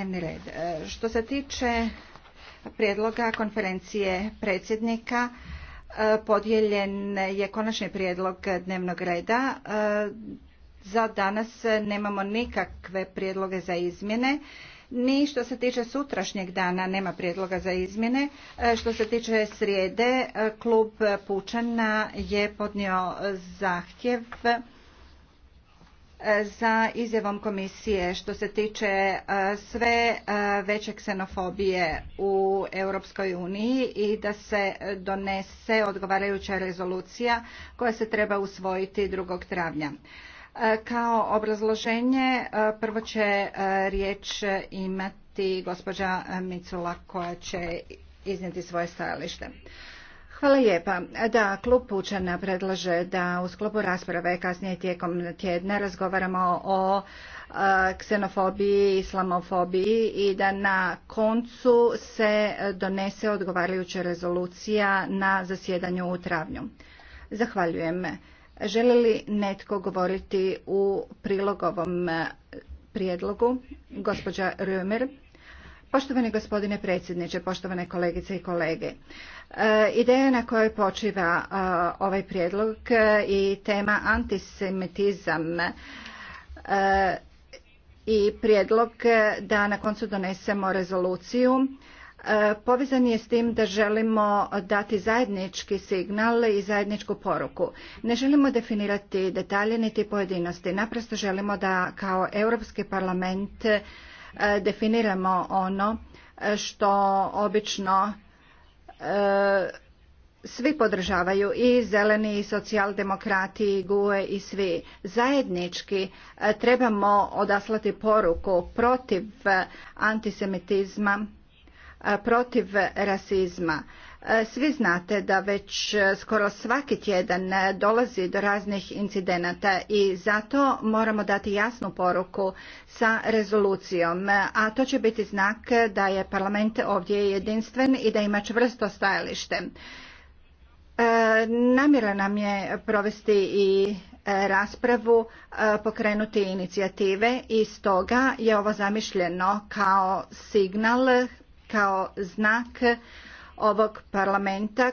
dnevni red. E, što se tiče prijedloga konferencije predsjednika, e, podijeljen je konačni prijedlog dnevnog reda. E, za danas nemamo nikakve prijedloge za izmjene. Ni što se tiče sutrašnjeg dana nema prijedloga za izmjene. Što se tiče srijede, klub Pučana je podnio zahtjev za izjavom komisije što se tiče e, sve e, veće ksenofobije u Europskoj uniji i da se donese odgovarajuća rezolucija koja se treba usvojiti 2. travnja. E, kao obrazloženje prvo će riječ imati gospođa Micula koja će iznijeti svoje stajalište. Hvala lijepa. Da, klub Pučana predlaže da u sklopu rasprave kasnije tijekom tjedna razgovaramo o ksenofobiji, islamofobiji i da na koncu se donese odgovarajuća rezolucija na zasjedanju u travnju. Zahvaljujem. Želi li netko govoriti u prilogovom prijedlogu? Gospođa Römer. Poštovani gospodine predsjedniče, poštovane kolegice i kolege. E, ideja na kojoj počiva e, ovaj prijedlog e, i tema antisemitizam i prijedlog da na koncu donesemo rezoluciju povezan je s tim da želimo dati zajednički signal i zajedničku poruku. Ne želimo definirati detalje niti pojedinosti, naprosto želimo da kao Europski parlament definiramo ono što obično E, svi podržavaju i zeleni i socijaldemokrati i GUE i svi zajednički e, trebamo odaslati poruku protiv antisemitizma e, protiv rasizma E, svi znate da već e, skoro svaki tjedan e, dolazi do raznih incidenata i zato moramo dati jasnu poruku sa rezolucijom, a to će biti znak da je parlament ovdje jedinstven i da ima čvrsto stajalište. Namjera nam je provesti i raspravu, pokrenuti inicijative i stoga je ovo zamišljeno kao signal, kao znak ovog parlamenta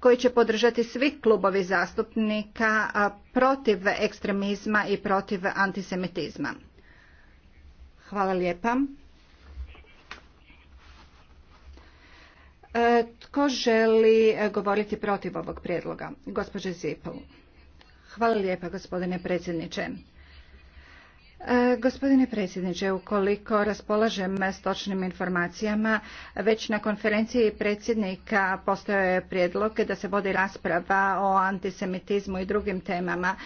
koji će podržati svi klubovi zastupnika protiv ekstremizma i protiv antisemitizma. Hvala lijepa. E, tko želi e, govoriti protiv ovog prijedloga? Gospođe Zipel. Hvala lijepa gospodine predsjedniče. E, gospodine predsjedniče, ukoliko raspolažem s točnim informacijama, već na konferenciji predsjednika postoje prijedlog da se vodi rasprava o antisemitizmu i drugim temama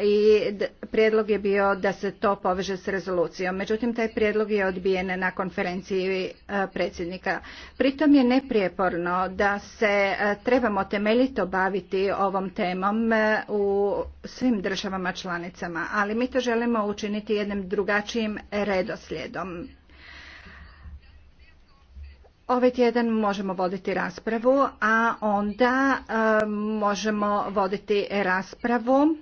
i prijedlog je bio da se to poveže s rezolucijom. Međutim, taj prijedlog je odbijen na konferenciji e, predsjednika. Pritom je neprijeporno da se e, trebamo temeljito baviti ovom temom e, u svim državama članicama, ali mi to želimo učiniti jednim drugačijim redoslijedom. Ovaj tjedan možemo voditi raspravu, a onda možemo voditi raspravu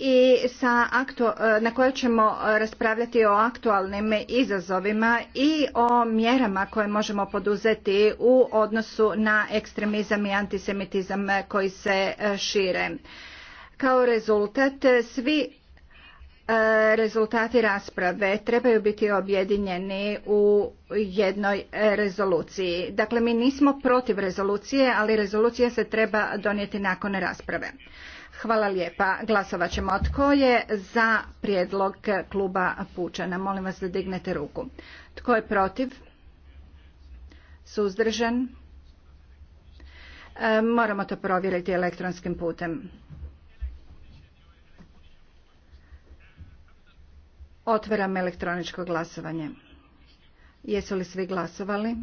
i sa e, na kojoj ćemo e, raspravljati o aktualnim izazovima i o mjerama koje možemo poduzeti u odnosu na ekstremizam i antisemitizam koji se e, šire. Kao rezultat svi rezultati rasprave trebaju biti objedinjeni u jednoj rezoluciji. Dakle, mi nismo protiv rezolucije, ali rezolucija se treba donijeti nakon rasprave. Hvala lijepa. Glasovat ćemo. Tko je za prijedlog kluba Pučana? Molim vas da dignete ruku. Tko je protiv? Suzdržan? E, moramo to provjeriti elektronskim putem. Otvaram elektroničko glasovanje. Jesu li svi glasovali?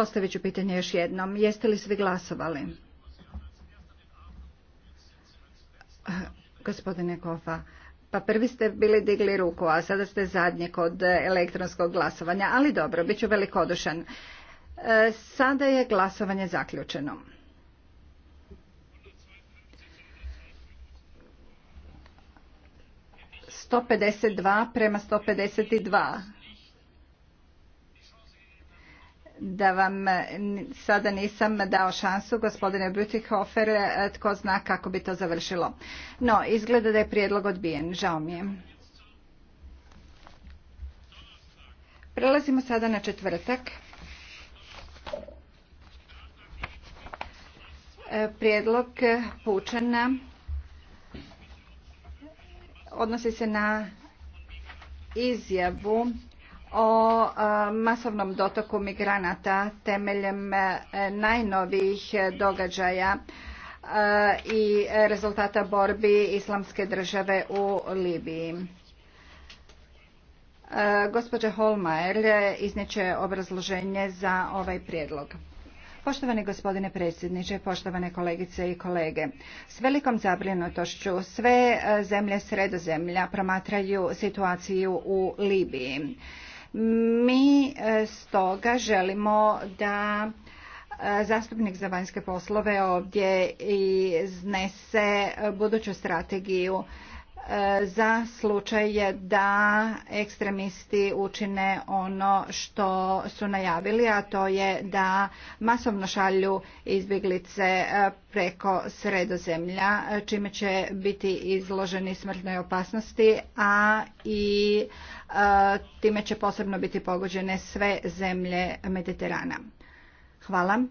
Postavit ću pitanje još jednom. Jeste li svi glasovali? Gospodine Kofa, pa prvi ste bili digli ruku, a sada ste zadnji kod elektronskog glasovanja, ali dobro, bit ću velikodušan. E, sada je glasovanje zaključeno. sto prema 152 da vam sada nisam dao šansu, gospodine Butihofer, e, tko zna kako bi to završilo. No, izgleda da je prijedlog odbijen. Žao mi je. Prelazimo sada na četvrtak. E, prijedlog Pučana odnosi se na izjavu o e, masovnom dotoku migranata temeljem e, najnovijih događaja e, i rezultata borbi islamske države u Libiji. Gospođa Holmajer izniče obrazloženje za ovaj prijedlog. Poštovani gospodine predsjedniče, poštovane kolegice i kolege. S velikom zabrinutošću sve zemlje sredozemlja promatraju situaciju u Libiji. Mi e, stoga želimo da e, zastupnik za vanjske poslove ovdje iznese e, buduću strategiju za slučaj da ekstremisti učine ono što su najavili, a to je da masovno šalju izbjeglice e, preko sredozemlja, čime će biti izloženi smrtnoj opasnosti, a i e, time će posebno biti pogođene sve zemlje Mediterana. Hvala.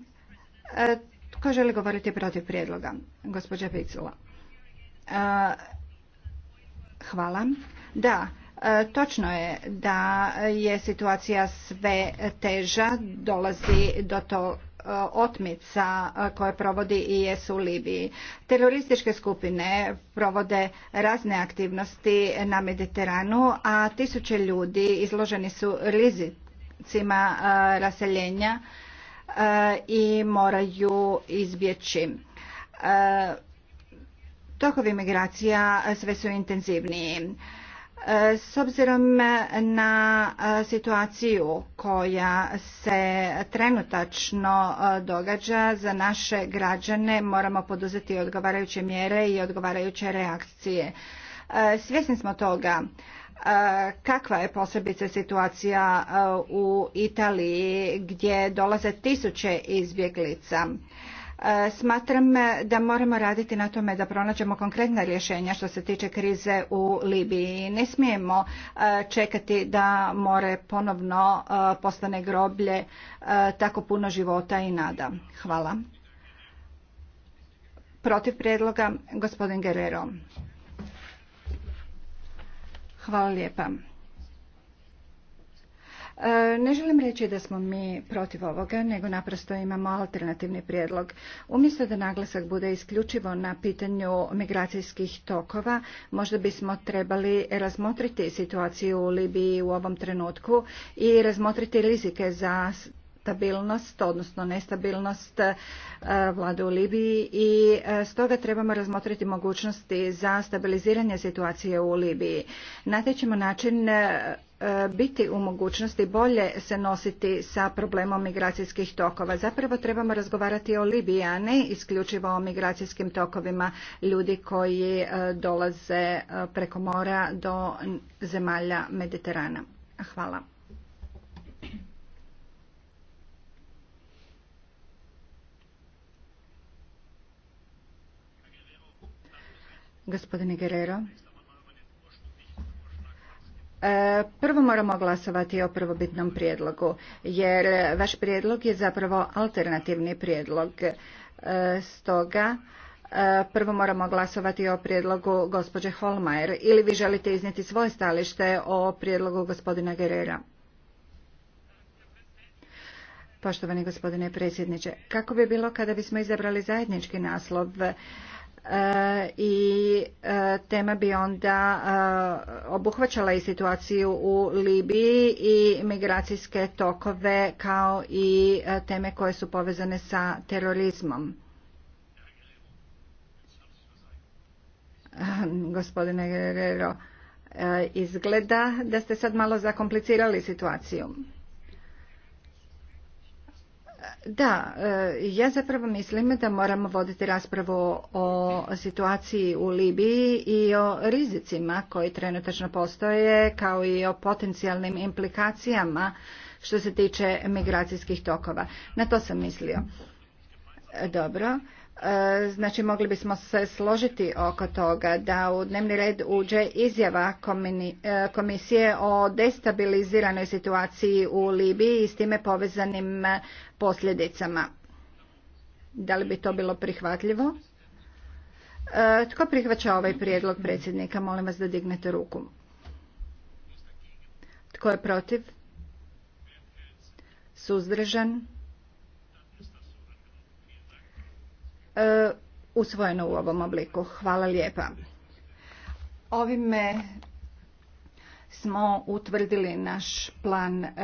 E, tko želi govoriti protiv prijedloga? Gospođa Picula. Hvala. Da, e, Točno je da je situacija sve teža, dolazi do to e, otmica e, koje provodi IS u Libiji. Terorističke skupine provode razne aktivnosti na Mediteranu, a tisuće ljudi izloženi su rizicima raseljenja i moraju izbjeći Tokovi migracija e, sve su intenzivniji. E, s obzirom na e, situaciju koja se trenutačno događa za naše građane, moramo poduzeti odgovarajuće mjere i odgovarajuće reakcije. Svjesni smo toga kakva je posebice situacija u Italiji gdje dolaze tisuće izbjeglica. E, smatram e, da moramo raditi na tome da pronađemo konkretna rješenja što se tiče krize u Libiji. Ne smijemo e, čekati da more ponovno postane groblje tako puno života i nada. Hvala. Protiv prijedloga gospodin Guerrero. Hvala lijepa. E, ne želim reći da smo mi protiv ovoga, nego naprosto imamo alternativni prijedlog. Umjesto da naglasak bude isključivo na pitanju migracijskih tokova, možda bismo trebali razmotriti situaciju u Libiji u ovom trenutku i razmotriti rizike za stabilnost, odnosno nestabilnost e, vlade u Libiji i e, stoga trebamo razmotriti mogućnosti za stabiliziranje situacije u Libiji. Natećemo način biti u mogućnosti bolje se nositi sa problemom migracijskih tokova. Zapravo trebamo razgovarati o Libiji, a ne isključivo o migracijskim tokovima ljudi koji e, dolaze e, preko mora do zemalja Mediterana. Hvala. Gospodine Guerrero. E, prvo moramo glasovati o prvobitnom prijedlogu, jer vaš prijedlog je zapravo alternativni prijedlog. E, stoga e, prvo moramo glasovati o prijedlogu gospođe Holmajer. Ili vi želite iznijeti svoje stalište o prijedlogu gospodina Gerera? Poštovani gospodine predsjedniče, kako bi bilo kada bismo izabrali zajednički naslov i tema bi onda e, obuhvaćala i situaciju u Libiji i migracijske tokove kao i e, teme koje su povezane sa terorizmom. Ehm, gospodine Guerrero, e, izgleda da ste sad malo zakomplicirali situaciju. Da, e, ja zapravo mislim da moramo voditi raspravu o situaciji u Libiji i o rizicima koji trenutačno postoje kao i o potencijalnim implikacijama što se tiče migracijskih tokova. Na to sam mislio. Dobro. E, znači mogli bismo se složiti oko toga da u dnevni red uđe izjava e, komisije o destabiliziranoj situaciji u Libiji i s time povezanim e, posljedicama. Da li bi to bilo prihvatljivo? Tko prihvaća ovaj prijedlog predsjednika? Molim vas da dignete ruku. Tko je protiv? Suzdržan? E, usvojeno u ovom obliku. Hvala lijepa. Ovime smo utvrdili naš plan